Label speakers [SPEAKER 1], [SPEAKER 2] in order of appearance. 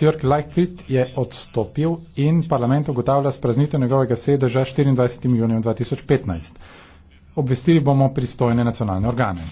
[SPEAKER 1] Jörg Leichtfried je odstopil in parlament ugotavlja spraznitev njegovega sedeža 24. junija 2015. Obvestili bomo pristojne nacionalne organe.